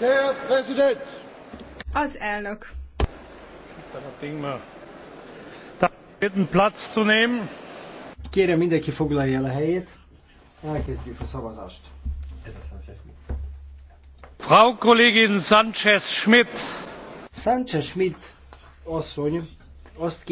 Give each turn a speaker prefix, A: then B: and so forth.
A: Der Präsident! Az elnök.
B: Kérem mindenki foglalja el a helyét. Elkezdjük a szavazást. Frau Kollegin Sanchez Schmidt. Sanchez
C: Schmidt asszony azt